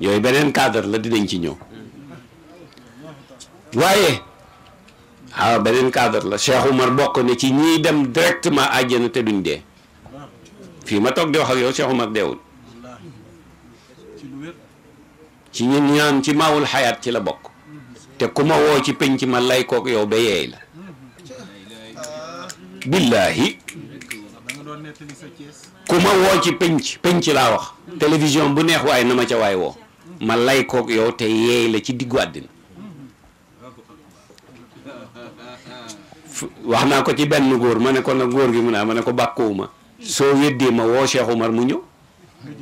yooyu beneen cadre la dinañ ci ñëw waaye waaw ah, beneen cadre la Cheikh Oumar bokk na ci ñiy dem directement àjjana te duñ dee fii ma toog di wax ak yow Cheikh Oumar deewul ci ñun ñaan ci maawul xayaat ci la bokk te ku ma woo ci penc ma lay kook yow ba yeey la billaahi ku ma woo ci penc penc laa wax télévision bu neex waaye na ma ca waay woo ma lay kook yow te yeey la ci diggu àddina wax naa ko ci benn góor ma ne ko nag góor gi mu naa ma ne ko bàkkuwuma soo weddee ma woo Cheikh Umar mu ñëw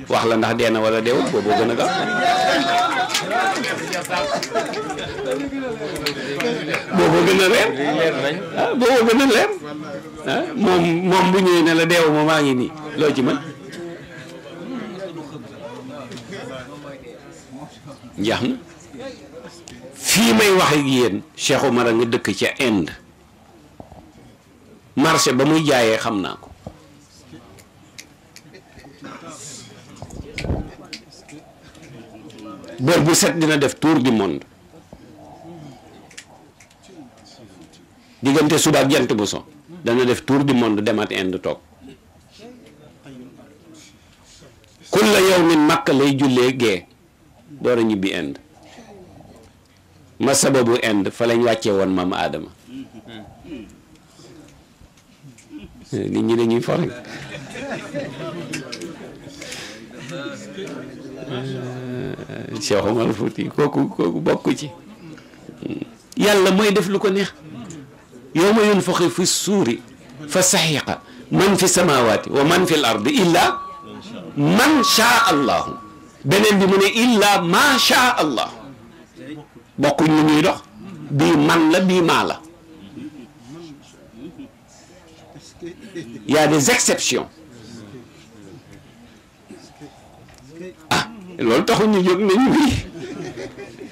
wax la ndax dee na wala deewul boobu gën a gaaw boobu gën ah, gën a leer ah, moom moom bu ñëwee ne la deewu maa ngi nii loo ci mën njaax na fii may wax ak yéen Cheikh Omar nga dëkk ca Inde marché ba muy jaayee xam naa ko bër bu set dina def tour du monde diggante suba ak jant bu so dana def tour du monde demaat Inde toog kulla yawmin makka lay jullee gee door a ñibbi Inde ma sababu Inde fa lañ wàccee woon maam Adama nit ñi nañu for rek euh, Cheikh Omar Fouti kooku kooku bokk ci yàlla mooy def lu ko neex yawma yunfaxu fi suuri fa saxiqa man fi samawaati wa man fi l illa man shaa allahu beneen bi mu ne illa ma shaa allah bokkuñ lu ñuy dox bii man la bii maa la y a des exceptions ah loolu taxu ñu jóg nañu lii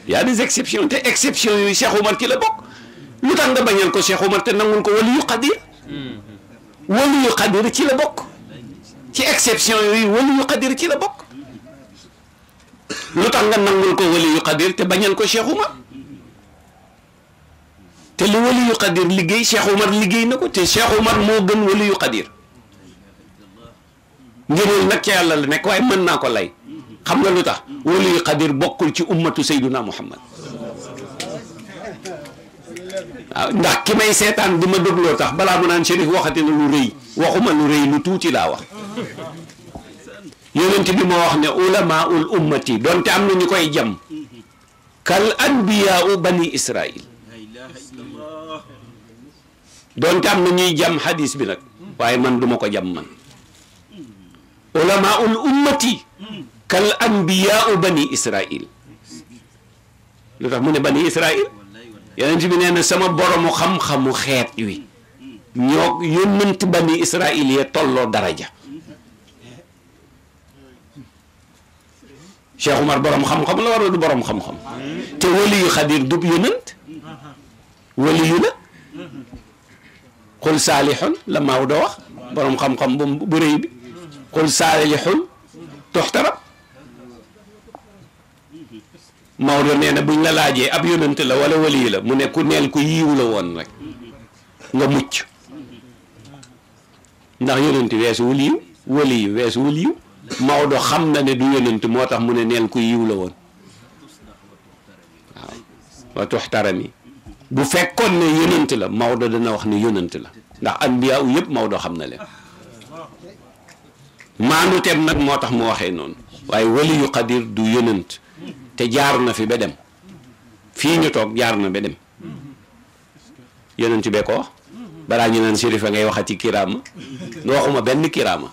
y a des exceptions te exceptions yooyu Cheikh Omar ki la bokk lu tax nga bañal ko Cheikh Omar te nangun ko waliyu xadir hmm. waliyu xadir ci la bokk ci exception yooyu wali yu xadir ci la bokk lu tax nga nangul ko wali yu xadir te bañal ko Cheikh Oumar te li wali yu liggéey Cheikh Oumar liggéey na ko te Cheikh Oumar moo gën wali yu xadir ngëneel nag ca yàlla la nekk waaye mën naa ko lay xam nga lu tax wali yu xadir bokkul ci ummatu sayduna muhammad waaw ndax ki may seetaan di ma dégloo tax balaa mu naan Chérif waxati na lu rëy waxuma lu rëy lu tuuti laa wax yonent bi moo wax ne ulamaul ummati donte am na ñu koy jam kal anbiyaau bani israil donte am na ñuy jam hadis bi nag waaye man duma ko jam man ulamaul ummati kal anbiyaau bani israil lu tax mu ne bani israil yonent bi nee na sama boromu xam-xamu xeet wi ñoo yónnant bani israil ya tolloo daraja Cheikh Umar borom xam-xam la wala du borom xam-xam te waliyu xadir dub yonent waliyu la xul saalixun la Maodo wax borom xam-xam bu bu bi xul saalixun toxtarab Maodo nee na buñ la laajee ab yonent la wala waliyu la mu ne ku neel ku yiiw la woon rek nga mucc ndax yonent weesu waliyu waliyu weesu waliyu Maodo xam na ne du yonent moo tax mu ne neel ku yiw la woon waaw wa tuxtarami bu fekkoon ne yonent la Maodo dana wax ne yonent la ndax anbiya u yëpp Maodo xam na leen maanu tem nag moo tax mu waxee noonu waaye waliyu xadir du yënant te jaar na fi ba dem fii ñu toog jaar na ba dem yonent bee ko wax balaa ñu naan sérifa ngay waxati kiraama waxuma benn kiraama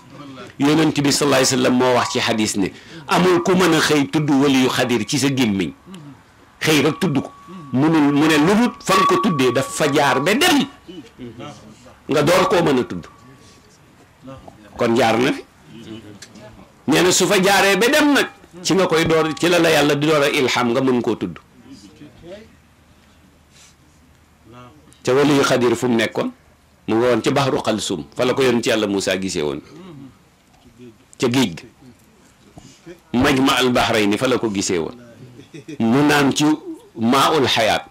yonent bi sallallahu alayhi wasallam moo wax ci xadis ne amul ku mën a xëy tudd waliyu xadir ci sa gémmiñ xëy rek tudd ko munul mu ne lu dul fa nga ko tuddee daf fa jaar ba nga door koo mën a tudd kon jaar na fi ne su fa jaaree ba nag ci nga koy door ci la la yàlla di door a ilham nga mën koo tudd te waliyu xadir fu mu nekkoon mu ngi woon ci baxru xalsum fa la ko yonent yàlla Moussa gisee woon ca géej ga majma al ni fa la ko gisee woon mu naan ci maa ul xayaat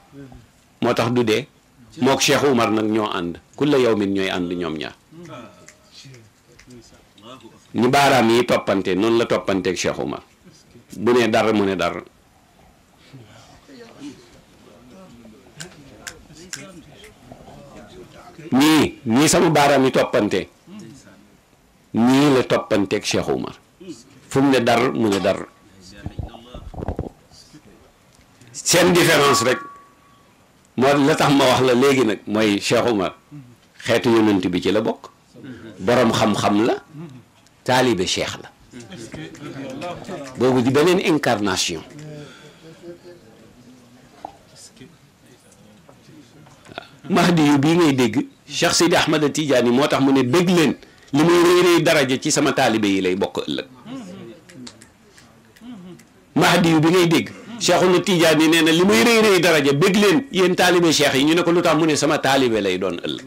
moo tax du dee mook Cheikh Umar nag ñoo ànd kulla yawmin ñooy ànd ñoom ñaar ni baaraam yi toppante noonu la toppanteeg Cheikh Umar bu ne dara mu ne dara nii nii sama baaraam yi toppante nii la toppanteeg Cheikh Oumar fu mu ne dar mu ne dar seen différence rek moo la tax ma wax la léegi nag mooy Cheikh Oumar xeetu yonent bi ci la bokk boroom xam-xam la taalibe cheikh la boobu di beneen incarnation waaw Mahdi yu bii ngay dégg Cheikh Sidi Ahmad Tidiane moo tax mu ne dégg leen li muy rëy rëy daraja ci sama taalibe yi lay bokk ëllëg mahdi bi ngay dégg Cheikhuna Tidiane yi nee na li muy rëy rëy daraja bég leen yéen taalibe seex yi ñu ne ko lu tax mu ne sama taalibe lay doon ëllëg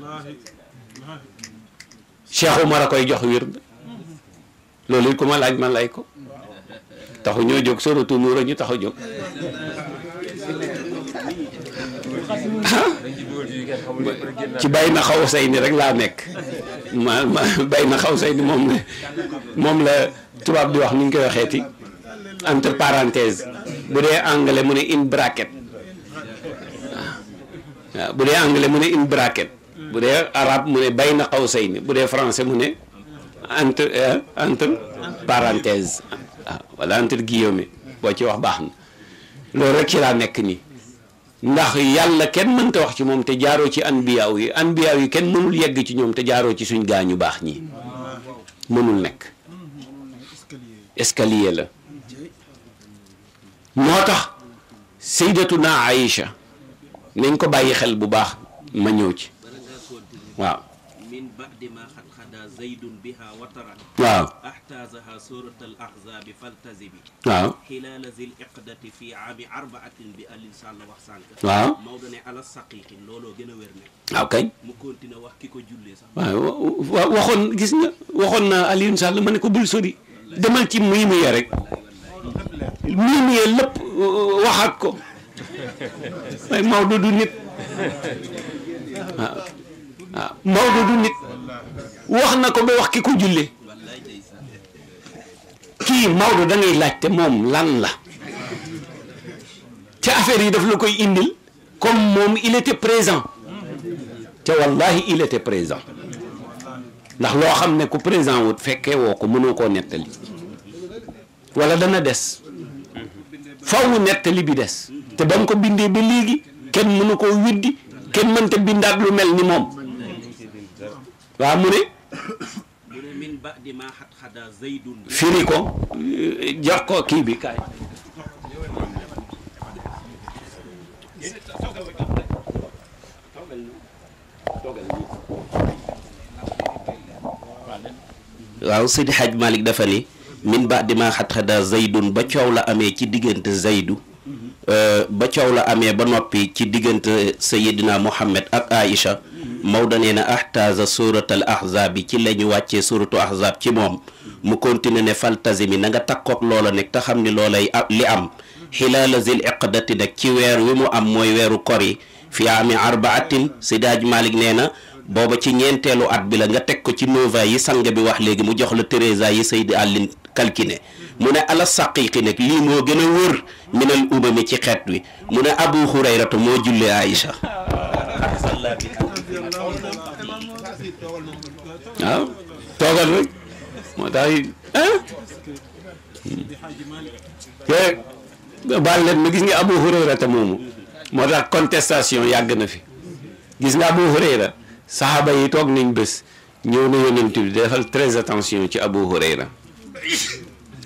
Cheikh Umar a koy jox wér loolu it ku ma laaj ma lay ko taxu ñoo jóg soratu nuur a ñu taxu jóg ci bay na xaw say ni rek laa nekk ma ma na xaw say ni moom la moom la tubaab di wax nu ñu koy waxeeti entre parenthèse bu dee anglais mu ne in bracket bu dee anglais mu ne in bracket bu dee arabe mu bay na xaw say ni bu dee français mu ne entre euh, entre parenthèse waaw entre guillemets boo ci wax baax na loolu rek ci laa nekk nii ndax yàlla kenn mënta wax ci moom te jaaroo ci anbiyaaw yi anbiyaaw yi kenn mënul yegg ci ñoom te jaaro ci suñ gaañu baax ñi mënul nekk escalier la moo tax saydatuna Aïcha nañ ko bàyyi xel bu baax ma ñëw ci waaw waaw waaw waaw ah, waaw kay waaw waxoon gis nga waxoon naa Alioune Sall ma ne ko bul sori demal ci muy muye rek muy muye lépp waxaat ko waaye Maodo du nit waaw waaw Maodo du nit wax na ko ba wax ki ko jullee kii Maodo da ngay laajte moom lan la ca affaire yi daf la koy indil comme moom il était présent ca wallahi il était présent ndax loo xam ne ku présent wut fekkee woo ko mënoo koo nettali wala dana des faw nettali bi des te ba ko bindee ba léegi kenn mënu koo widdi kenn mënta bindaat lu mel ni moom waa mu ne firi ko jox ko kii bi kaay waaw Sidi Hadj Malick dafa ni min ba di ma xat-xada zaydun ba coow la amee ci diggante zaydu mhm. euh, ba coow la amee ba noppi ci diggante Seydina Muhammad ak Aïcha Maodo nee na ahtaza suratal ahzab bi ci la wàccee suratu ahzab ci moom mu continue ne faltazimi na nga takkoog loola nekk te xam ni loolay li am xilaala zil iqdati nag ci weer wi mu am mooy weeru kor yi fi ami arbaatin si daaj Malick nee na booba ci ñeenteelu at bi la nga teg ko ci nova yi sang bi wax léegi mu jox la trésa yi Seydi Alin kalkine mu ne ala saqiiqi nag lii moo gën a wër minal umami ci xeet wi mu ne Abu Hurayrata moo jullee Aïcha waaw ah, toogal rek moo tax ah. te baal leen ma gis nga Abu Hurayra te moomu moo tax contestation yàgg na fi gis nga Abu Hurayra saxaaba yi toog nañ bés ñëw na yonent bi defal très attention ci Abu Hurayra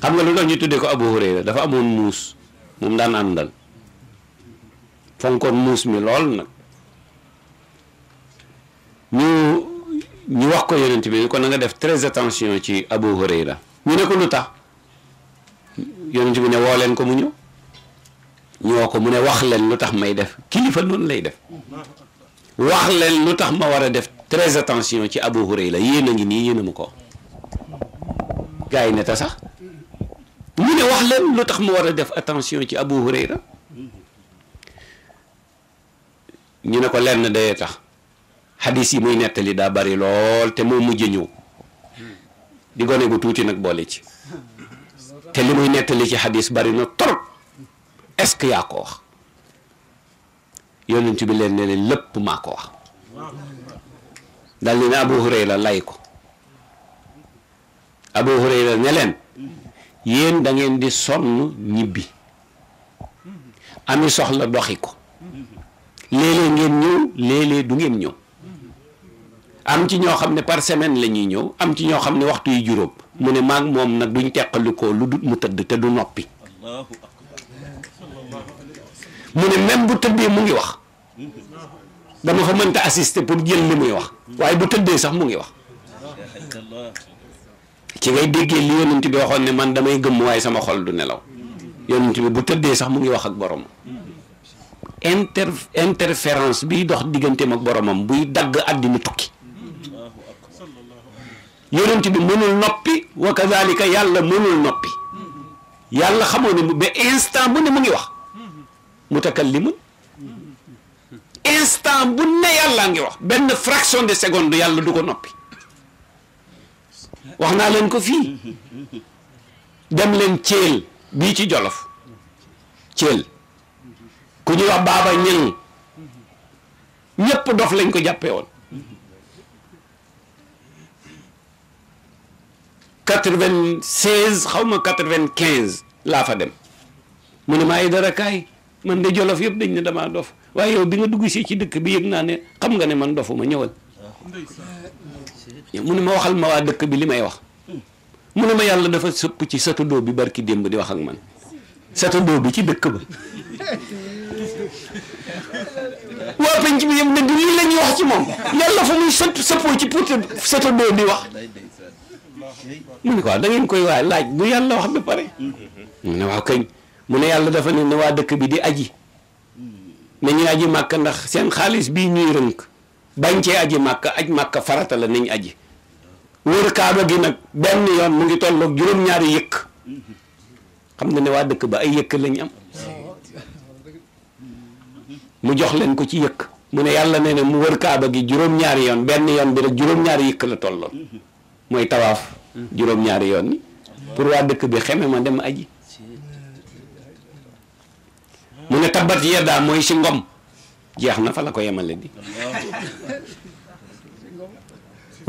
xam nga lu tax ñu tuddee ko Abu Hurayra dafa amoon muus moom daan àndal fonkoon muus mi lool nag ñu ñu wax ko yonent bi kon na nga def très attention ci Abu Hurayra ñu ne ko lu tax yonent bi ne woo leen ko mu ñëw ñoo ko mu ne wax leen lu tax may def kilifa noonu lay def wax leen lu tax ma war a def très attention ci Abu Hurayra yéen a ngi nii yéen a ko gars yi ne ta sax mu ne wax leen lu tax ma war a def attention ci Abu Hurayra ñu ne ko lenn dayee tax xadis yi muy nettali daa bari lool te moo mujj ñëw di gone gu tuuti nag boole ci te li muy nettali ci xadis bari na trop est-ce que yaa ko wax yonent bi leen ne leen lépp maa ko wax dal ne Abu Hurayra lay ko Abu Hurayra ne leen yéen dangeen di sonn ñibbi ami soxla doxi ko léeg ngeen ñëw léeg du ngeen ñëw am ci ñoo xam ne par semaine la ñuy ñëw am ci ñoo xam ne waxtu yu juróom mu ne maag moom nag duñ teqalikoo lu dut mu tëdd te du noppi mu ne même bu tëddee mu ngi wax dama fa mënta assister pour jël li muy wax waaye bu tëddee sax mu ngi wax ci ngay déggee li yonent bi waxoon ne man damay gëmm waaye sama xol du nelaw yonent bi bu tëddee sax mu ngi wax ak borom inter interférence biy dox digganteem ak boromam buy dagg àddina tukki yonent bi mënul noppi wa kazalika yàlla mënul noppi yàlla xamoo ne ba instant bu ne mu ngi wax mutakallimun instant bu ne yàlla ngi wax benn fraction de seconde yàlla du ko noppi wax naa leen ko fii dem leen Thiel bii ci Jolof Thiel ku ñuy wax Baaba Ñaŋ ñëpp dof lañ ko jàppee woon quatre-vingt-seize xaw ma quatre-vingt-quinze laa fa dem mu ne maa yi dara kaay man de jolof yëpp dañ ne damaa dof waaye yow bi nga dugg si ci dëkk bi yëg naa ne xam nga ne man dofuma ñëwal mu ne ma waxal ma waa dëkk bi li may wax mu ne ma yàlla dafa sëpp ci satadoo bi barki démb di wax ak man satadoo bi ci dëkk ba waa penc bi yëpp dëgg lii la ñuy wax ci moom yàlla fa muy sëpp sëppoo ci pour satadoo bi wax mu ne ko ah, da ngeen koy waay laaj bu yàlla wax ba pare mu ne waaw kañ mu ne yàlla dafa ne ne waa dëkk bi di aji nañu aji màkk ndax seen xaalis bii ñuy rënk bañ cee aji màkk aj màkk farata la nañ aji wër kaaba gi nag benn yoon mu ngi tolloog juróom-ñaari yëkk xam na ne waa dëkk ba ay yëkk lañ am mu jox leen ko ci yëkk mu ne yàlla ne na mu wër kaaba gi juróom-ñaari yoon benn yoon bi rek juróom-ñaari yëkk la tolloon mooy tawaaf juróom-ñaari yoon ni pour waa dëkk bi xeme ma dem aji mu ne tabbat yeddaa mooy si ngom jeex na fa la ko yemale di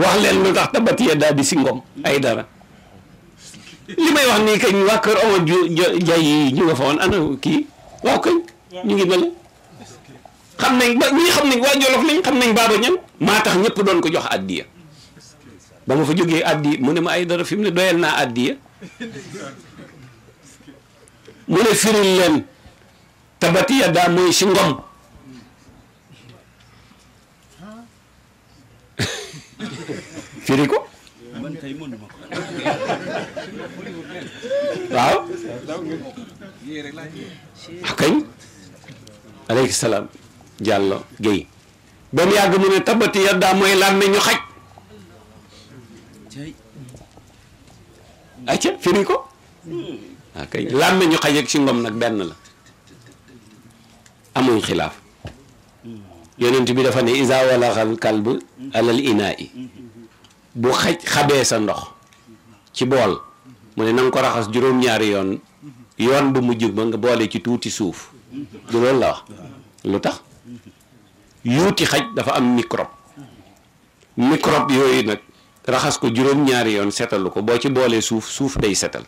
wax leen lu tax tabbat yeddaa di si ngom ay dara li may wax nii kañ waa kër Omar Njaay yi ñu nga fa woon ana kii waaw kañ ñu ngi mel xam nañ waa Jolof lañ xam nañ baaba ñan maa tax ñëpp doon ko jox addiya ba ma fa jógee addi mu ne ma ay dara fi mu ne doyal naa addi ya mu ne firil leen tabati ya daa mooy si ngom firi ko waaw ah, kañ aleykum salaam jàllo géy ba mu yàgg mu ne tabati ya daa mooy làmmiñu xaj acca firi ko waaw hmm. ah, kay làmme ñu xaj ak si ngom nag benn la amuñ xilaaf hmm. yonent bi dafa ne isa walaxal kalb alal inaa i hmm. bu xaj xabee sa ndox ci bool mu ne na ko raxas juróom-ñaari yoon yoon bu mujj ba nga boole ci tuuti suuf du loolu la wax lu tax yuuti xaj dafa am microbe microbe yooyu nag raxas ko juróom-ñaari yoon setalu ko boo ci boolee suuf suuf day setal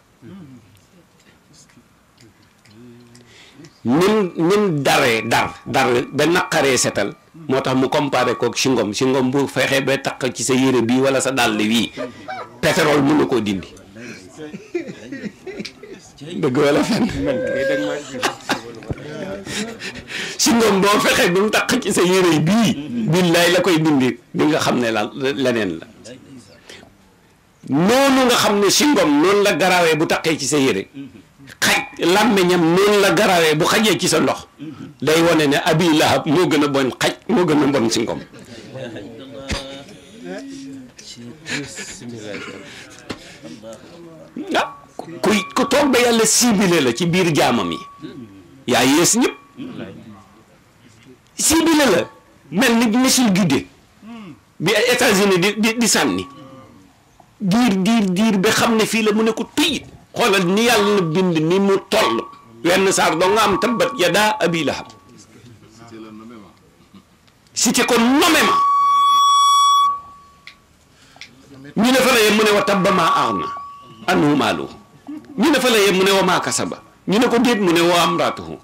nim nim daree dar dar ba naqaree setal moo tax mu comparé kook singom singom bu fexee ba taq ci sa yére bii wala sa dàll wii pétrole mën na koo dindi dëgg wala mu taq ci sa yére bii billaay la koy dindi di nga xam ne la leneen la noonu nga xam ne singom noonu la garaawee bu taqee ci sa yére xaj làmmeñam noonu la garawee bu xajee ci sa ndox day wane ne abi lahab moo gën a bon xaj moo gën a bon singom ah ku toog ba yàlla siibile la ci biir jaamam yi yaa yées ñëpp siibile la mel ni missile guidé bi États-Unis di di sànni diir diir diir ba xam ne fii la mu ne ko tuy xoolal ni yàlla bind ni mu toll wenn saar doo nga am tabbat abi lahab cité ko nommément ñu fa la yem mu ne wa tabba maa aghna anhu maaluhu ñu ne fa la yem mu ne wa maa kasaba ñu ne ko déet mu ne wa amraatuhu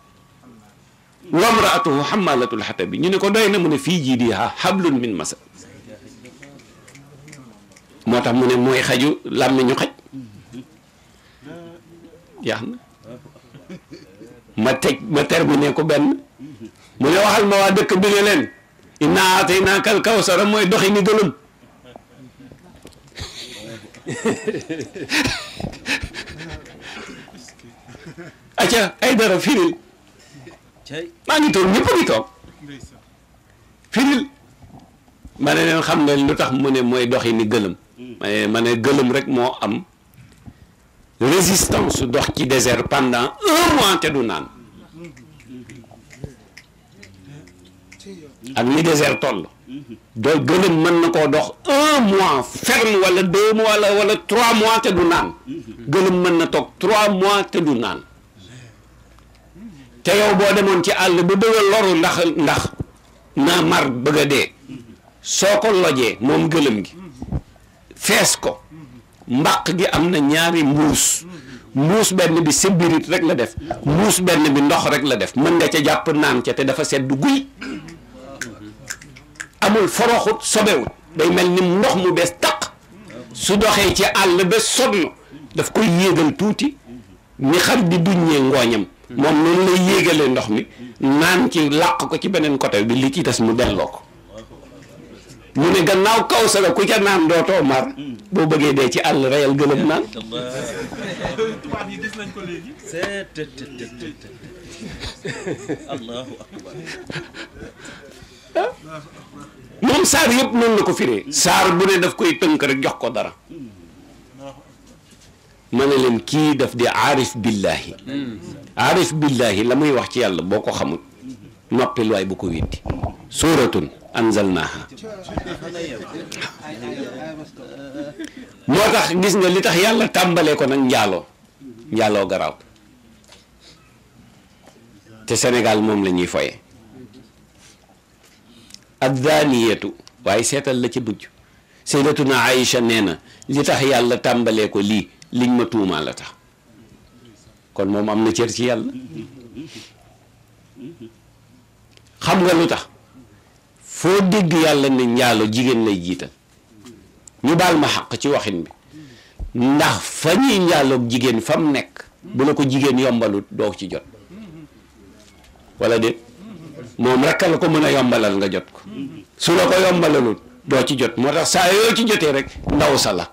wa amraatuhu hammaalatul hatab bi ñu ne ko doy na mu ne fii jiidihaa hablun min masad moo tax mu ne mooy xaju làmmiñu xaj yaa xam ma teg ma terminé ko benn mu ne waxal ma waa dëkk bi ne leen inna aataynaaka al kawsara mooy doxi ni gëlëm acca ay dara firil maa ngi toog ñëpp a ngi toog firil ma ne leen xam nga lu tax mu ne mooy doxi ni gëlëm mais ma ne gëlëm rek moo am résistance dox ci désert pendant un mois te du naan ak ni désert toll gëlëm mën na koo dox un mois ferme wala deux mois la trois mois te du naan gëlëm mën na toog trois mois te du naan te yow boo demoon ci àll bu bëgg a loru ndax ndax naa mar bëgg a dee soo ko lojee moom gëlëm gi fees ko mbaq gi am na ñaari mbuus mbuus benn bi sibbirit rek la def mbuus benn bi ndox rek la def mën nga ca jàpp naan ca te dafa sedd guy amul foroxut sobewut day mel ni ndox mu bees taq su doxee ci àll ba sonn daf koy yéegal tuuti ni xar di duññee ngooñam moom noonu lay yéegalee ndox mi naan ci làq ko ci beneen côté bi li ci des mu delloo ko mu ne gannaaw kaw sa ku ca naan dootoo mar boo bëggee dee ci àll reyal gëlëm naan tubaab yi gis nañ ko moom saar yëpp noonu la ko firee saar bu ne daf koy tënk rek jox ko dara ma ne leen kii daf di aarif billahi aarif billahi la muy wax ci yàlla boo ko xamul noppil waay bu ko weddi suuratun anzalnaaha moo tax gis nga li tax yàlla tàmbalee ko nag njaaloo njaaloo garaaw te Sénégal moom la ñuy foye addaaniyatu waaye seetal la ci mujj sayyidatuna Aïcha nee na li tax yàlla tàmbalee ko lii liñ ma tuumaa la tax kon moom am na cër ci yàlla xam nga lu tax foo dégg yàlla ne njaalo jigéen lay jiital ñu baal ma xaq ci waxin bi ndax fa ñuy njaaloog jigéen fam nekk bu la ko jigéen yombalut doo ci jot wala déet moom rekk la ko mën a yombalal nga jot ko su la ko yombalalul doo ci jot moo tax saa yoo ci jotee rek ndaw sa la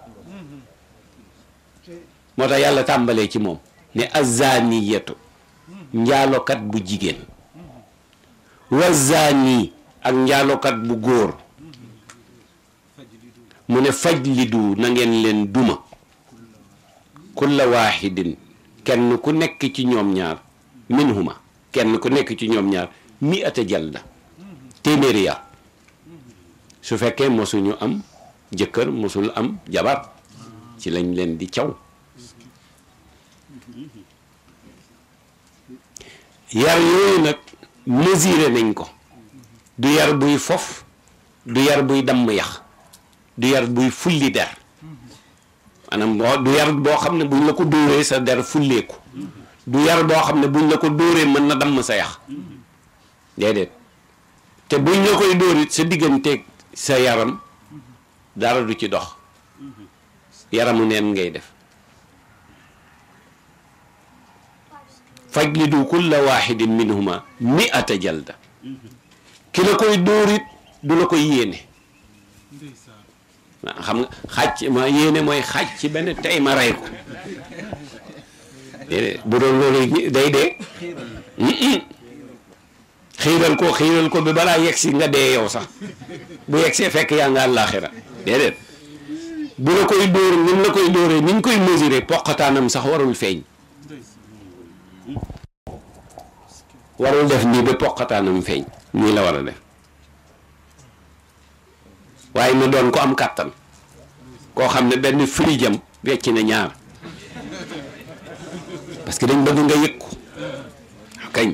moo tax yàlla tàmbalee ci moom ne yetu njaalokat bu jigéen wa ak njaalookat bu góor mu ne faj li du leen duma kulla waahidin kenn ku nekk ci ñoom ñaar minhuma kenn ku nekk ci ñoom ñaar mi ata jal da téeméeri yar su fekkee mosuñu am jëkkër mosul am jabar ci lañ leen di caw yar yooyu nag mesuré nañ ko du yar buy fof du yar buy damm yax du yar buy fulli der maanaam boo du yar boo xam ne buñ la ko dóoree sa der fulleeku du yar boo xam ne buñ la ko dóoree mën na damm sa yax déedéet te buñ la koy dóorit sa digganteeg sa yaram dara du ci dox yaramu neen ngay def du kulla waxidin minhuma mi'ata jalda ki la koy dóorit du la koy yéene waaw xam nga xàcc ma yéene mooy xàcc ci benn tey ma rey ko bu doon loolu day dee xiiral ko xiiral ko bi balaa yegg si nga dee yow sax bu yegg see fekk yaa nga àllaaxira déedéet bu la koy dóor ni la koy dóoree ni ñu koy mesurer poqataanam sax warul feeñ warul def nii ba poqataanam feeñ nii la war a def waaye na doon ko am kàttan koo xam ne benn firijam wecc na ñaar parce que dañ bëgg nga yëg ko kañ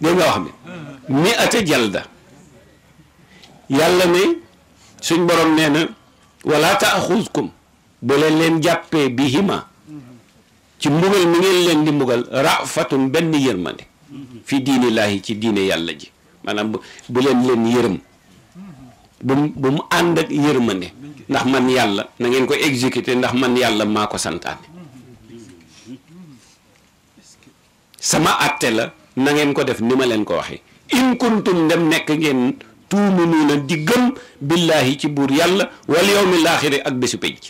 dégg nga wax bi mi jalda yàlla ne suñ borom nee na wala taaxuskum bu leen leen jàppee bi hima ci mbugal mi ngeen leen di mbugal rafatun benn yërmande fi diinillaahi ci diine yàlla ji maanaam bu leen leen yërëm bu mu bu ànd ak yërmande ndax man yàlla na ngeen ko exécuter ndax man yàlla maa ko santaane sama àtte la na ngeen ko def ni ma leen ko waxee in kuntum dem nekk ngeen tuuminuuna di gëm billaahi ci buur yàlla walla wal mi aaxiri ak bésu pénc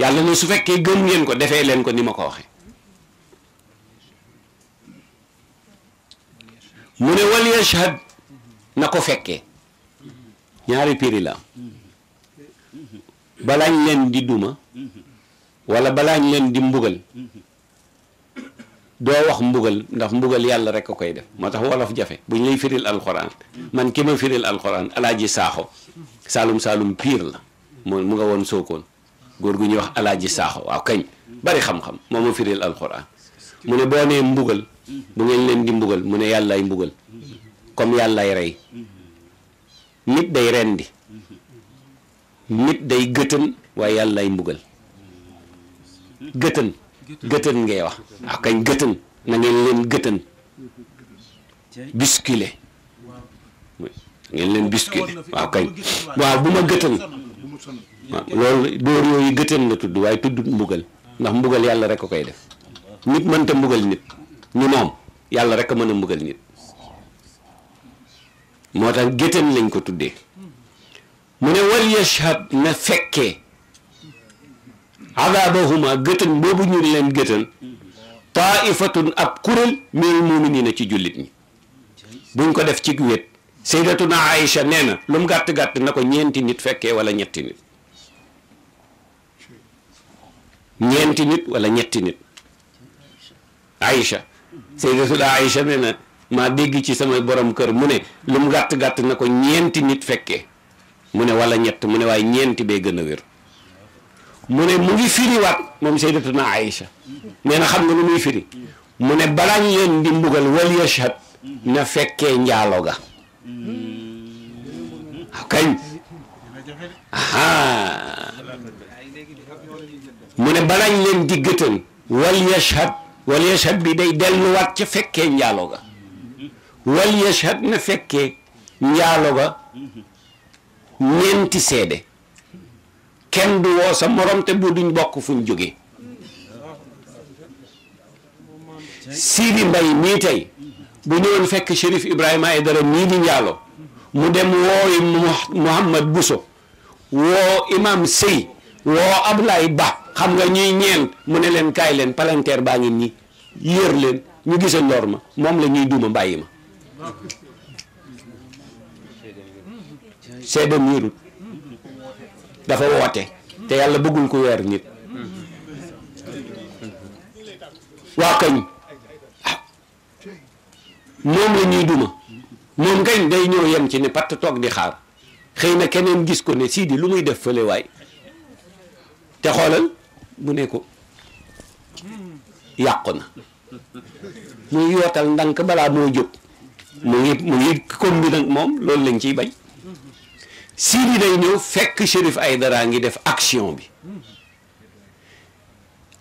yàlla ne su fekkee gëm ngeen ko defee leen ko ni ma ko waxee mu ne wal yashhad na ko fekkee ñaari piri la balaañ leen di duma wala balaañ leen di mbugal doo wax mbugal ndax mbugal yàlla rek a koy def moo tax wolof jafe bu ñu lay firil alxuraan man ki ma firil alxuraan alaaji saaxo saalum saalum piir la moom mu nga woon sookoon góor gu ñuy wax alaaji saaxo waaw kañ bari xam-xam moo ma firil alxuraan mu ne boo nee mbugal bu ngeen leen di mbugal mu ne yàllaay mbugal comme yàllaay rey nit day rendi nit day gëtën waaye yàllaay mbugal gëtën gëtën ngay wax waaw kañ gëtën na ngeen leen gëtën biskile ngeen leen biskile waaw kañ waaw bu ma gëtën waaw loolu dóor yooyu gëtën la tudd waaye tudd mbugal ndax mbugal yàlla rekk koy def nit mënta mbugal nit ni moom yàlla rek a mën a mbugal nit moo tax géttam lañ ko tuddee mu ne wal yashhad na fekkee adabahuma gëtën boobu ñu leen gëtën taifatun ab kuréel minal muminina ci jullit ñi buñ ko def ci wét saydatuna Aïcha nee na lu mu gàtt-gàtt na ko ñeenti nit fekkee wala ñetti nit ñeenti nit wala ñetti nit Aïcha Sayyidatuna Aïcha ne na maa dégg ci samay borom kër mu ne lu mu gàtt-gàtt na ko ñeenti nit fekkee mu ne wala ñett mu ne waaye ñeenti bee gën a wér mu ne mu ngi firiwaat moom Sayyidatuna Aïcha nee na xam nga lu muy firi mu ne balaa ñu leen di mbugal wal yashhad na fekkee njaalo mu ne balaa leen di gëtën wal yashhad wal yashhad bi day delluwaat ca fekkee njaalo ga wal yashhad na fekkee njaalo ga seede kenn du woo sa morom te bu duñ bokk fuñ jógee Sidi Mbay mii tey bu ñëwoon fekk Chérif Ibrahima Aïdara mii di njaalo mu dem woowi Mouhamad Bousso woo Imam Sey woo Ablaye Ba xam nga ñuy ñeent mu ne leen kaay leen palanteer baa ngi nii yër leen ñu gisa ndoor ma moom la ñuy duuma bàyyi ma seedam te yàlla bëggul ku weer nit waa kañ ah. moom la ñuy duma moom kañ day ñëw yem ci ne patt toog di xaar xëy na keneen gis ko ne sii di lu muy def fële waay te xoolal mu ne ko yàqu na muy yootal ndànk balaa moo jóg mu ngi mu ngi comme nag moom loolu lañ ciy bañ Sidi day ñëw fekk Chérif Aïdara ngi def action bi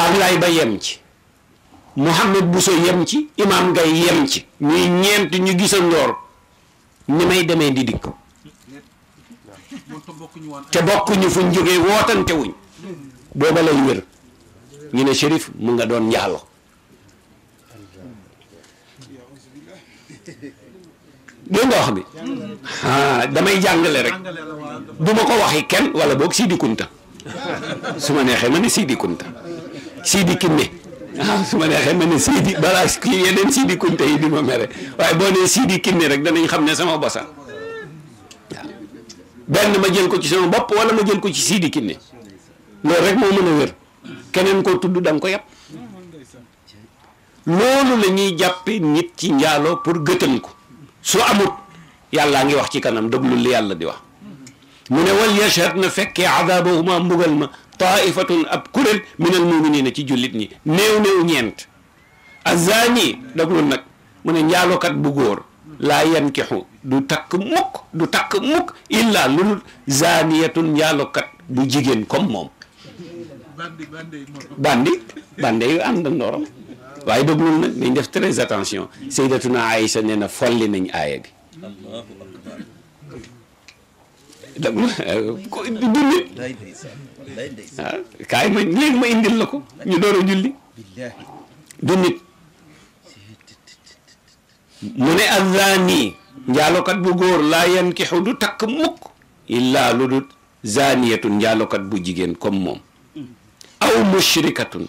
Ablaye Ba yem ci Mouhamed Bousso yem ci Imam Gay yem ci ñuy ñeent ñu gisandoor ni may demee di dikk te bokkuñu fu ñu jógee wootante wuñ booba lay wér ñu ne shérif mu nga doon njaalo dégg nga wax bi ah damay jàngale rek du ma ko waxi kenn wala boog Sidi Kunta su ma neexee ma ne Sidi Kunta Sidi Kinne ah su ma neexee ma ne Sidi balaa kii yeneen Sidi Kunta yi di ma mere waaye boo nee Sidi Kinne rek danañ xam ne sama bosa waaw benn ma jël ko ci sama bopp wala ma jël ko ci siidi Kinne. loolu rek moo mën a wér keneen koo tudd da nga ko yàpp loolu la ñuy jàppe nit ci njaaloo pour gëtën ko su amut yàllaa ngi wax ci kanam déglu li yàlla di wax mu ne wal yashhad na fekkee adaabahuma mbugal ma taifatun ab kuréel min al muminina ci jullit ñi néew néew ñeent azani déglu nag mu ne njaalokat bu góor laa yankixu du takk mukk du takk mukk illa lul bu jigéen comme moom bandi bande yu ànd ak waaye déglul nag nañ def très attention Seydatuna Aïcha nee folli nañ aaya bi julli ah, kaay ma léegi ma indil la ko ñu door a julli du nit mu ne azani njaalokat bu góor laa yankixu du takk mukk illaa lu dul zaniyatun njaalokat bu jigéen comme moom aw mushrikatun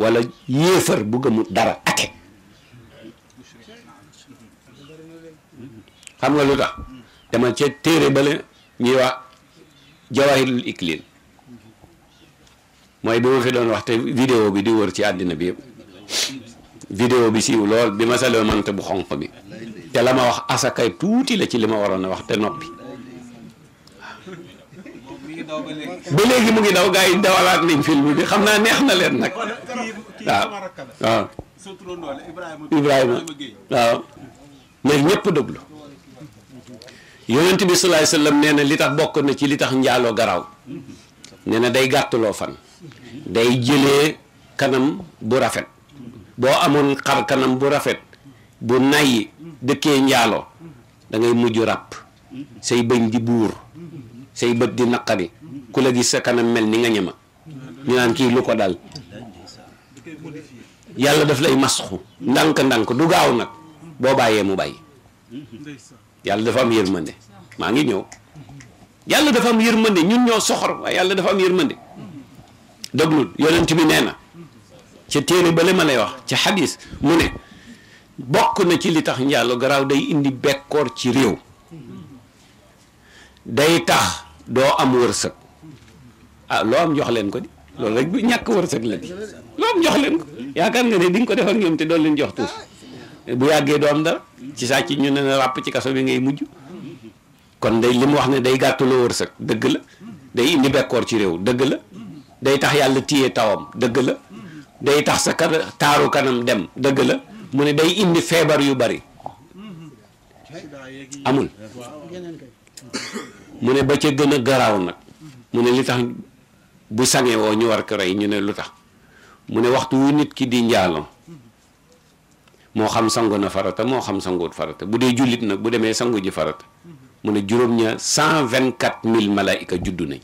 wala yéefar bu gëmul dara ate xam nga lu tax dama ca téere bale ñuy wax jawahirul iklil mooy bi ma fi doon wax bi di wër ci àddina bi yëpp vidéo bi siiw lool bi ma salee mante bu xonq bi te la ma wax asakay tuuti la ci li ma waroon a wax te noppi ba léegi mu ngi daw gars yi dawalaat nañ film bi xam naa neex na leen nag waaw Ibrahima waaw mais ñëpp déglu yonent bi salaay sallam nee na li tax bokk na ci li tax njaaloo garaaw nee na day gàttaloo fan day jëlee kanam bu rafet boo amoon xar kanam bu rafet bu nayi dëkkee njaalo dangay mujj ràpp say bëñ di buur say bët di naqari ku la gis sa kanam mel ni nga ñema ñu naan kii lu ko dal yàlla daf lay masxu ndànk ndànk du gaaw nag boo bàyyee mu bàyyi yàlla dafa am yërmande maa ngi ñëw yàlla dafa am yërmande ñun ñoo soxor yàlla dafa am yërmande déglul yonent bi nee na ca téere ba le ma lay wax ca xadis mu ne bokk na ci li tax njaalo garaaw day indi bekkoor ci réew day tax doo am wërsëg ah loo am jox leen ko di loolu rek bu ñàkk wërsëg la di loo am jox leen ko yaakaar nga ne di nga ko def ak ñoom te doo leen jox tuus bu yàggee doo am dara ci sàcc ñu ne na ràpp ci kaso bi ngay mujj kon day li mu wax ne day gàttuloo wërsëg dëgg la day indi bekkoor ci réew dëgg la day tax yàlla téye tawam dëgg la day tax sa kan taaru kanam dem dëgg la mu ne day indi feebar yu bari amul mu ne ba ca gën a garaaw nag mu ne li tax bu sange woo ñu war ko rey ñu ne lu tax mu ne waxtu wu nit ki di njaaloo moo xam sangu na farata moo xam sanguut farata bu dee jullit nag bu demee sangu ji farata mu ne juróom-ñaar cent vingt quatre mille malaayika juddu nañ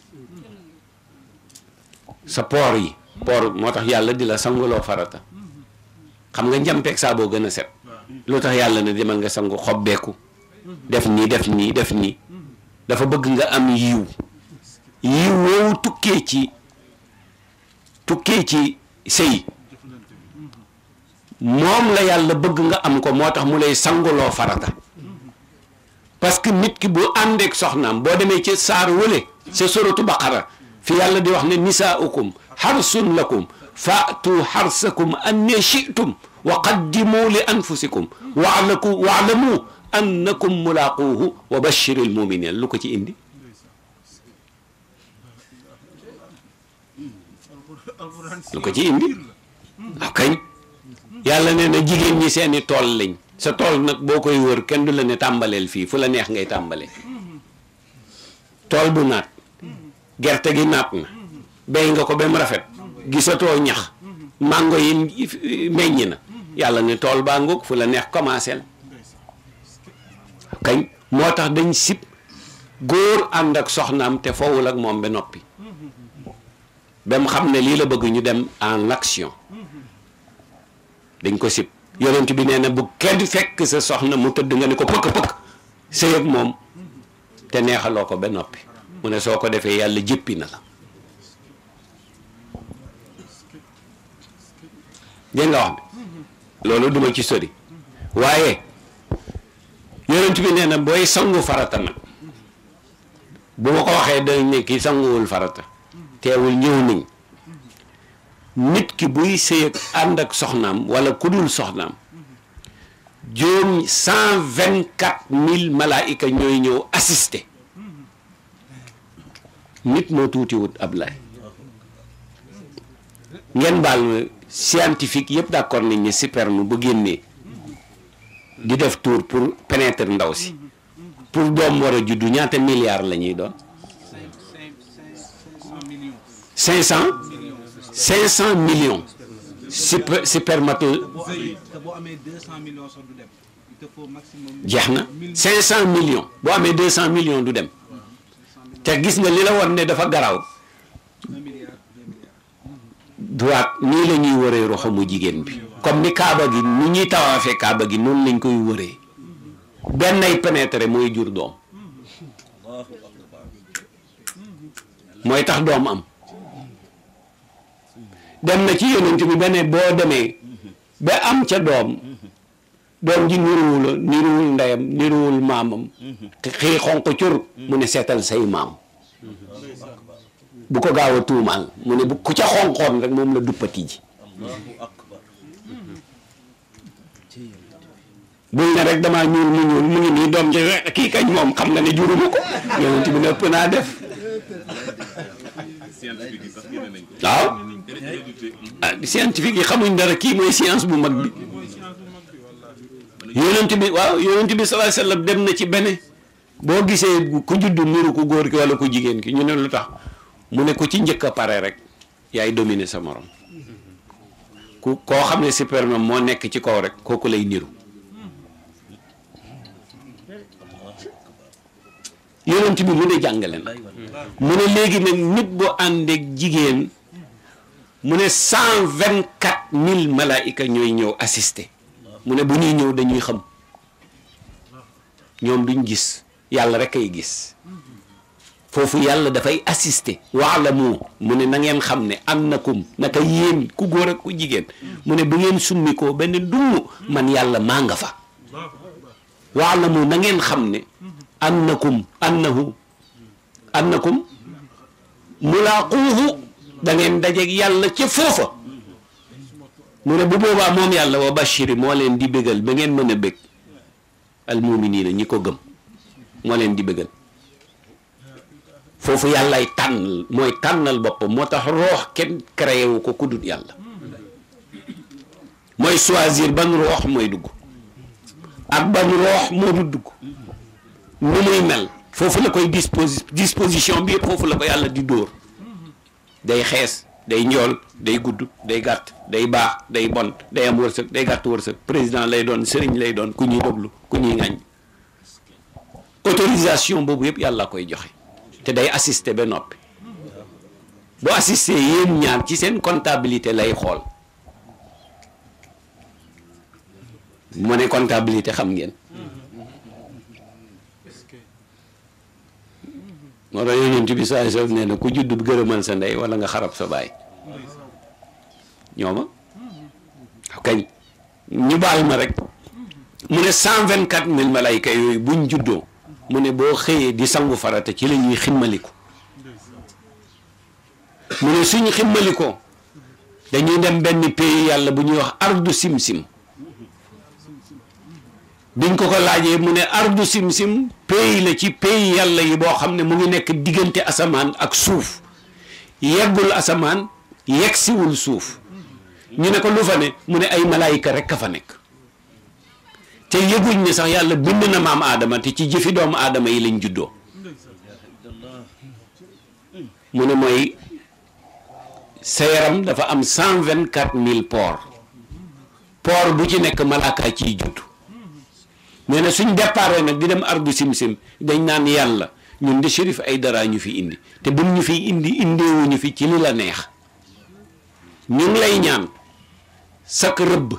sa poor yi poor moo tax yàlla di la sanguloo farata xam nga njampeeg saa boo gën a set loo tax yàlla na ne demal nga sangu xobbeeku def nii def nii def nii dafa bëgg nga am yiw yiw woowu tukkee ci tukkee ci sëy moom la yàlla bëgg nga am ko moo tax mu lay sanguloo farata parce que nit ki bu àndeek soxnaam boo demee ci saar wële sa suratu baqara fi yàlla di wax ne nisaaukum xarsun lakum faatu xarsakum anne shitum wa qaddimu li anfusikum walaku waalamu na annakum mulaaquuhu wa bashiril muminin lu ko ci indi lu ko ci indi akañ ah, yàlla nee na jigéen ñi seeni tool lañ sa tool nag boo koy wër kenn du la ne tàmbaleel fii fu la neex ngay tàmbale tool bu naat gerte gi naat na béy nga ko ba mu rafet gisatoo ñax mango yi meññ na yàlla ne tool baa fu la neex commencé kañ moo tax dañ sib góor ànd ak soxnaam te fowul ak moom ba noppi ba mu xam ne lii la bëgg ñu dem en action dañ ko sib yonent bi nee na bu kenn fekk sa soxna mu tëdd nga ne ko pëkk pëkk sëy ak moom te neexaloo ko ba noppi mu ne soo ko defee yàlla jippi na la dégg wax bi loolu duma ci sori waaye yonent bi nee na booy sangu farata nag bu ko waxee dañ ne kii sanguwul farata teewul ñëw nañ nit ki buy sëy ak ànd ak soxnaam wala ku dul soxnaam juróom cent vingt quatre mille malaayika ñooy ñëw assister nit moo tuutiwut ab lay ngeen baal ma scientifique yëpp d'accord nañ ni sperme bu génnee di def tour pour pénétrer ndaw si pour doom war a juddu ñaata milliards la ñuy doon cinq cent cinq cent millions super supermato jeex na cinq cent million boo amee deux cent million du dem te gis nga li la war ne dafa garaaw droit nii la ñuy waree roxo mu jigéen bi comme ni kaaba gi ni ñuy tawaafee kaaba gi noonu lañ koy wëree benn ay pénétré mooy jur doom mooy tax doom am dem na ci yonent bi benn boo demee ba am ca doom doom ji niruwul niruwul ndeyam niruwul maamam xii xonq cur mu ne seetal say maam bu ko gaaw a tuumaal mu ne bu ku ca xonqoon rek moom la duppati ji buñ ne rek damaa ñuul mu ñuul mu ngi nii doom ji kii kañ moom xam nga ne juruma ko yonent bi nëpp naa def waaw ah, scientifique yi xamuñ dara kii mooy science bu mag bi yonent bi waaw yonent bi sallallahu alayhi wasallam dem na ci bene boo gisee ku judd nuru ku góor ki walla ku jigéen ki ñu ne lu tax mu ne ku ci njëkk a pare rek yaay dominer sa morom ku koo xam ne superman moo nekk ci kaw rek kooku lay niru yonent bi mu ne jàngale na mu ne léegi nag nit boo ànd ak jigéen mu ne cent vingt quatre mille malaayika ñooy ñëw assister mu ne bu ñuy ñëw dañuy xam ñoom duñ gis yàlla rek ay gis foofu yàlla dafay assister waalamu mu ne na ngeen xam ne na annakum naka yéen ku góor ak ku jigéen mu ne bu ngeen summi ko benn dungu man yàlla maa nga fa waalamu na ngeen xam ne annakum annahu annakum mulaaquuhu da ngeen dajeeg yàlla ca foofa mu ne bu boobaa moom yàlla wa bashiri moo leen di bëggal ba ngeen mën a bég almuminina ñi ko gëm moo leen di bëggal foofu yàlla tànn mooy tànnal boppam moo tax roox kenn créé wu ko ku dul yàlla mooy choisir ban roox mooy dugg ak ban roox moo du dugg ni muy mel foofu la koy dispos disposition bi yëpp foofu la ko yàlla di dóor day xees day njool day gudd day gàtt day baax day bon day am wërsëg day gàtt wërsëg président lay doon sëriñ lay doon ku ñuy déglu ku ñuy ŋàññ autorisation boobu yëpp yàlla koy joxe te day assister ba noppi boo assister yéen ñaar ci seen comptabilité lay xool mu ne comptabilité xam ngeen moo tax yonent bi saa sal nee na ku juddut gërëmal sa ndey wala nga xarab sa baay ñooma kañ ñu baal ma rek mu ne cent vingt quatre mille malayka yooyu buñ juddoo mu ne boo xëyee di sangu farata ci la ñuy ximmaliku mu ne suñ ximmalikoo dañuy dem benn pays yàlla bu ñuy wax ardu simsim biñ ko ko laajee mu ne ardu simsim pays la ci pays yàlla yi boo xam ne mu ngi nekk diggante asamaan ak suuf yeggul asamaan yeggsiwul suuf ñu ne ko lu fa ne mu ne ay malaayika rek a fa nekk te yëguñ ne sax yàlla bind na maam aadama te ci jëfi doomu aadama yi lañ juddoo mu ne mooy sa yaram dafa am cent vingt quatre mille pores pores bu ci nekk malaaka ciy judd nee na suñ déparé nag di dem ardu sim dañ naan yàlla ñun de ay Aïdara ñu fi indi te buñ ñu fi indi indeewuñu fi ci li la neex ñu ngi lay ñaan sak rëbb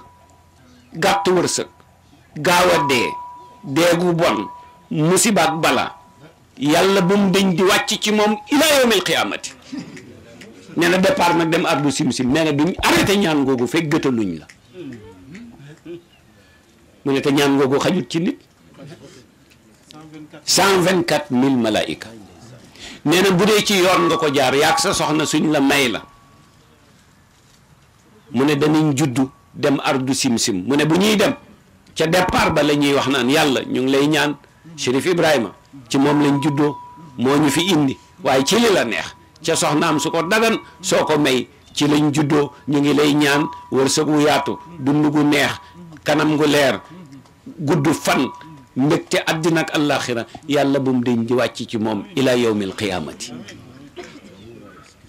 gàtt wërsëg gaaw a dee deegu bon musibaak bala yàlla bu mu dañ di wàcc ci moom ilaa yawmil qiyaamati nee na départ nag dem ardu sim-sim nee na duñ arrêté ñaan googu fekk gëtaluñ la mu ne te ñaan googu xajut ci nit 124 000 malaayika nee na bu dee ci yoon nga ko jaar yaag sa soxna suñ la may la mu ne danañ juddu dem ardu simsim mu ne bu ñuy dem ca départ ba la ñuy wax naan yàlla ñu ngi lay ñaan Chérif Ibrahima ci moom lañ juddoo moo ñu fi indi waaye ci li la neex ca soxnaam su ko dagan soo ko may ci lañ juddoo ñu ngi lay ñaan wërsëg wu yaatu dund gu neex kanam ngu leer gudd fan mbégte àddina ak àllaaxira yàlla bu mu deñ di wàcc ci moom ila yawmil qiyaamati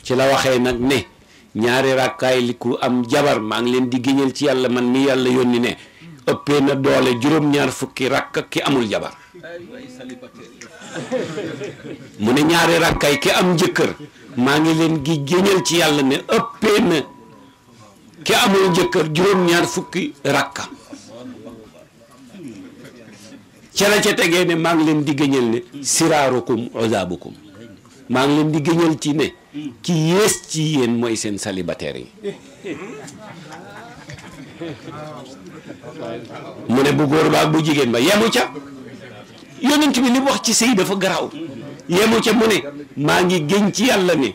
ci la waxee nag ne ñaari ràkkaay li ku am jabar maa ngi leen di géñal ci yàlla man mi yàlla yónni ne ëppee na fukki rakk ki amul jabar ne ñaari rakkaay ki am jëkkër maa ngi leen gi géñal ci yàlla ne ëppee na ki amul juróom-ñaar fukki rakka ca la ca tegee ne maa ngi leen di géñal ne siraarukum uzaabukum maa ngi leen di géñal ci ne ki yées ci yéen mooy seen célibataire yi mu ne bu góor baa bu jigéen ba yemu ca yonent bi li wax ci sëy dafa garaaw yemu ca mu ne maa ngi géñ ci yàlla ne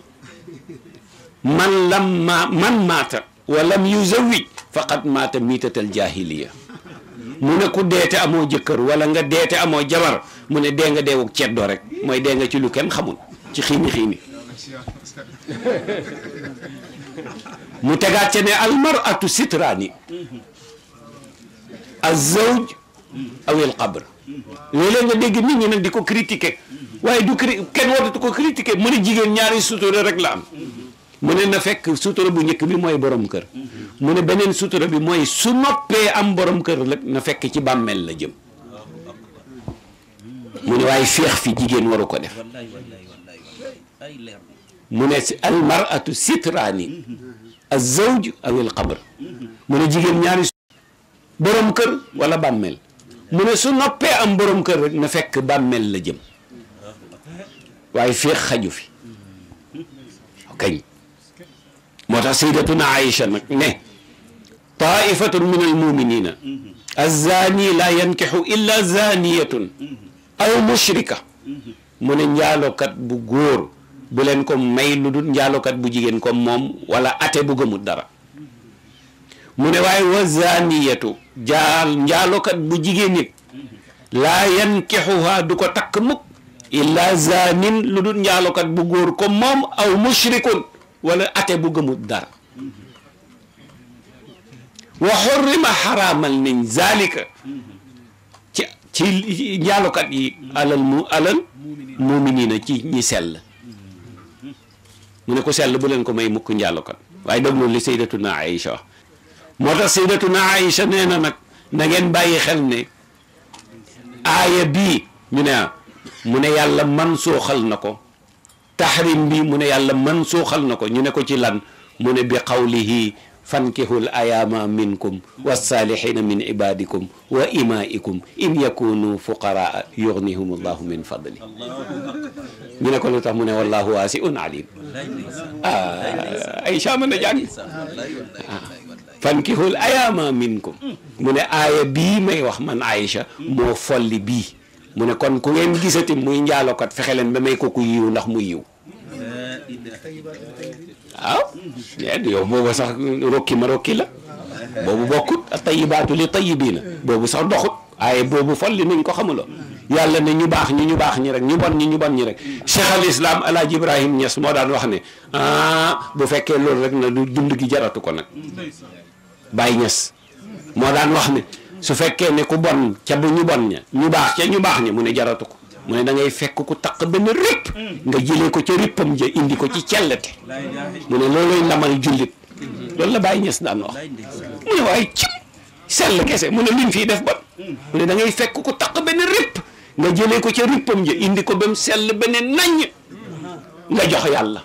man lam ma man maata wa lam yuzawij faqad maata miitatal jaahiliya mu ne ku deete amoo jëkkër wala nga deete amoo jabar mu ne dee nga deewuk ceddoo rek mooy dee nga ci lu kenn xamul ci xiini xiini mu tegaat ca ne almaratu sitraani azawj awil qabr léeg-léeg nga dégg nit ñi nag di ko critiquer waaye du cri kenn waratu ko critiquer mu ne jigéen ñaari sutura rek la am mu ne na fekk sutura bu njëkk bi mooy borom kër mu ne beneen sutura bi mooy su noppee am boroom kër rek na fekk ci bàmmeel la jëm mu ne waaye féex fi jigéen waru ko def mu ne si almaratu sitraani azawj awil jigéen ñaari borom kër wala bàmmeel mu ne su noppee am borom kër rek na fekk bàmmeel la jëm waaye xaju fi kañ moo tax saydatuna Aïcha nag ne taifatun min almuminina azani la yankixu illa zaniyatun aw mushrika mu ne njaalokat bu góor bu leen may lu dul njaalokat bu jigéen comme moom wala ate bu gëmul dara mu ne waaye wa zaniyatu jaal njaalokat bu jigéen it laa yankixuha du ko takk mukk illa zanin lu dul njaalokat bu góor comme moom aw mushrikun wala ate bu gëmul dara wa xurrima xaraamal nañ zalika ci ci njaalukat yi alal mu alal muminina ci ñi sell mu ne ko sell bu leen ko may mukk njaalukat waaye déglu li saydatuna Aïcha wax moo tax saydatuna Aïcha nee na nag na ngeen bàyyi xel ne aaya bii ñu ne mu ne yàlla man sooxal na ko taxrim bi mu ne yàlla man suuxal na ko ñu ne ko ci lan mu ne bi qawlihi fankihul ayaama minkum wasaalihina min ibadikum wa imaikum in yakunu fuqaraa yugnihum allahu min fadli ñu ne ko lu tax mu ne wallahu waasiun alim ah Aïcha mën na jàng ah, fankihul ayaama minkum mu ne aaya bii may wax man Aïcha moo folli bii mu ne kon ku ngeen gisati muy njaalokat fexe leen ba may ko ku yiw ndax mu yiw waaw ah, yow boobu sax rokki ma rokki la boobu bokkut tayibaatu li tayibiina boobu sax doxut waaye boobu li nañ ko xamuloo yàlla ne ñu baax ñi ñu baax ñi rek ñu bon ñi ñu bon ñi rek cheikh al islam alaaji ibrahim ñes moo daan wax ne ah, bu fekkee loolu rek na gi jaratu ko nag bàyyi moo daan wax ne su fekkee ne ku bon ca bu ñu bon ña ñu baax ca ñu baax ña mu ne jaratu ko mu ne da fekk ku taq benn ripp nga jëlee ko ca rippam ja indi ko ci cellate mu ne looloy ndamal jullit lool la Baye Niass daan wax mu ne waaye cim sell kese mu ne luñ fii def ba mu ne da ngay fekk ku taq benn ripp nga jële ko ca rippam ja indi ko ba mu sell beneen naññ nga jox yàlla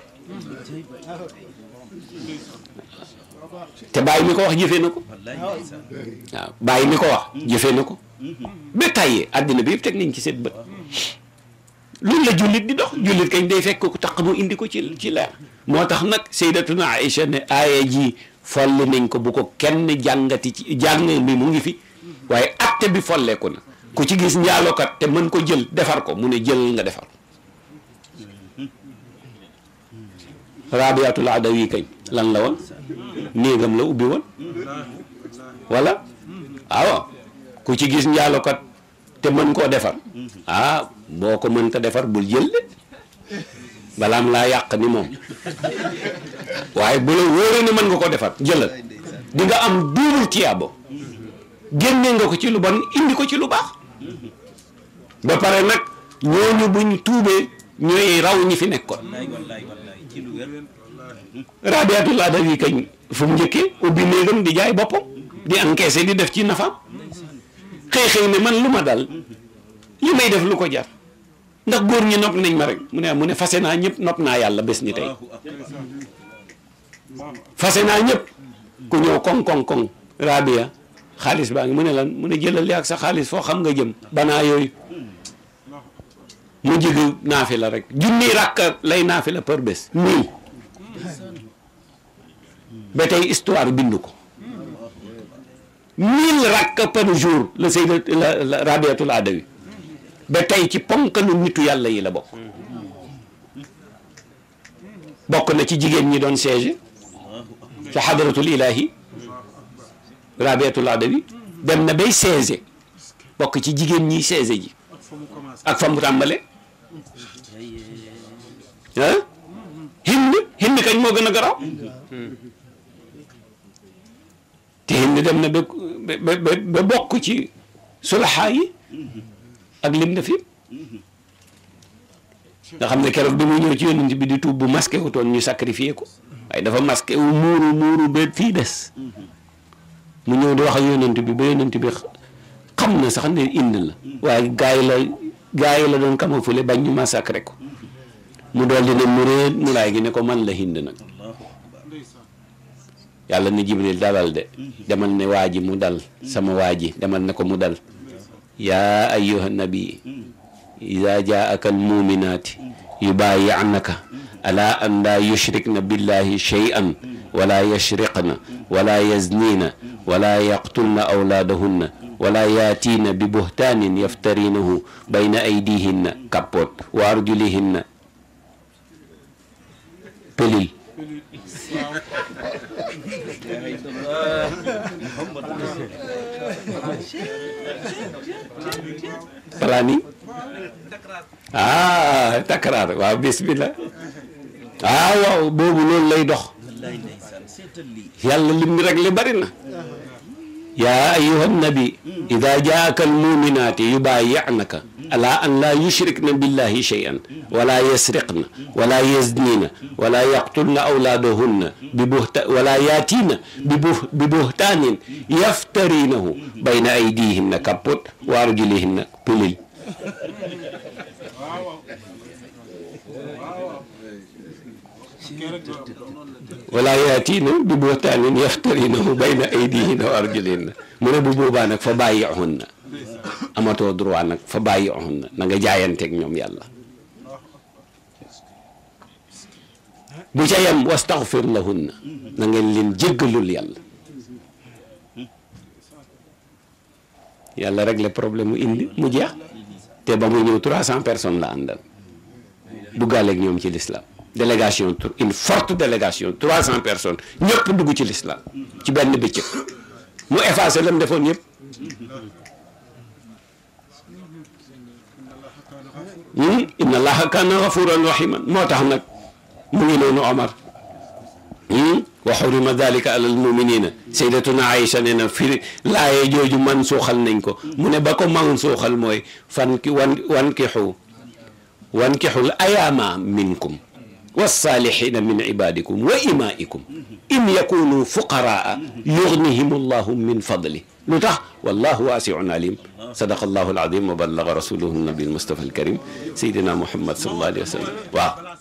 te bàyyi mi ko wax jëfee na ko waaw bàyyi mi ko wax jëfee na ko ba tàyyee àddina bi yëpp teg nañ ci seen bët loolu la jullit di dox jullit kañ day fekk ko taq mu indi ko ci ci leer moo tax nag sayyidatuna na ne ji folle nañ ko bu ko kenn jàngati ci jàng mi mu ngi fi waaye atte bi folleeku na ku ci gis njaalookat te mën ko jël defar ko mu ne jël nga defar rabiatul adawi kañ lan la woon néegam la ubbi woon wala waaw ku ci gis njaalokat te mën koo defar mm-hmm. ah boo ko mënta defar bul jël de balaam laa yàq ni moom waaye bu la wóoree ne mën nga ko defar jëlal di nga am duubul tiyaabo mm-hmm. génne nga ko ci lu bon indi ko ci lu baax mm-hmm. ba pare nag ñooñu buñ tuubee ñooy raw ñi fi nekkoon rabiatul adawi kañ fu mu njëkkee ubbi néegam di jaay boppam di encaissé di def ci nafaam xëy xëy ne man lu ma dal li may def lu ko jar ndax góor ñi nopp nañ ma rek mu ne mu ne fase naa ñëpp nopp naa yàlla bés ni tey fase naa ñëpp ku ñëw koŋ koŋ koŋ rabia xaalis baa ngi mu ne lan mu ne jëlal ak sa xaalis foo xam nga jëm banaa yooyu mu jig naafi la rek junni rakk lay naafi la par bés nii ba tey histoire bindu ko mille rakk par jour la Seyda la Rabiatul ba tey ci ponkalu nitu yàlla yi la bokk bokk na ci jigéen ñi doon siège ci xadaratul ilahi Rabiatul Adawi dem na bay siège bokk ci jigéen ñi siège ji ak fa mu tàmbale ah hind kañ moo gën a garaaw te hinde dem na ba ba bokk ci sulaxaa yi ak lim def yëpp nga xam ne keroog bi mu ñëw ci yonent bi di tuub bu masqué wu ñu sacrifié ko waaye dafa masqué wu muuru muuru ba fii des mu ñëw di wax yonent bi ba yonent bi xam na sax ne indi la waaye gaa la gaa yi la doon kamafule bañ ñu massacré ko mu dool di ne mu réer mu laay ne ko man la hind nag yàlla ni jibril dalal de mm-hmm. demal ne waa ji mu dal mm-hmm. sama waa ji demal ne ko mu dal mm-hmm. yaa ayyuha nabi ida jaaka al muminaati yubayi'naka ala an laa yushrikna billahi shay'an wala yashriqna wala yaznina wala yaqtulna awlaadahunna wala yaatiina bi buhtaanin yaftarinahu bayna aydihinna kappoot wa arjulihinna pelil palaani ah takraar waaw bismillah ah waaw boobu loolu lay dox yàlla lim rek li bari na yaa ayyuhan nabi idaa jaaka almuminaati yubaayinaka ala an laa yushrikna billahi shay'an wala yasriqna wala yaznina wala yaqtulna awlaadahunna bi buhta wala yaatina bi bu bi buhtaanin yaftarinahu bayna aydihinna kappot wa arjulihinna pulil wala yaatina bi buhtaanin yaftarinahu bayna aydihinna wa arjulihinna mu ne bu boobaa nag fa bàyyi xun na amatoo droit nag fa bàyyi oxon na na nga jaayanteeg ñoom yàlla bu ca yem wastaxfir lahunna na ngeen leen jéggalul yàlla yàlla régler problème mu indi mu jeex te ba mu ñëw trois cent personnes la àndal duggaaleeg ñoom ci l'islam délégation une forte délégation trois cent personnes ñëpp dugg ci l'islam ci benn bëccëg mu effacé lam defoon yëpp Hmm? inna allaha kaana gafuran rahiman moo tax nag mu ngi noonu Omar hmm? wa xurima dalika alal muminina saydatuna Aïcha nee na firi laaye jooju man suuxal nañ ko mu ne ba ko man suuxal mooy fan ki wan wankixu wankixul ayaama minkum والصالحين من عبادكم وإمائكم إن يكونوا فقراء يغنهم الله من فضله lu tax wallahu waasiun alim sadaqallahu alazim wa ballaga rasuluhu nabi almustafa alkarim sayidina muhammad sallallahu alayhi wa sallam waaw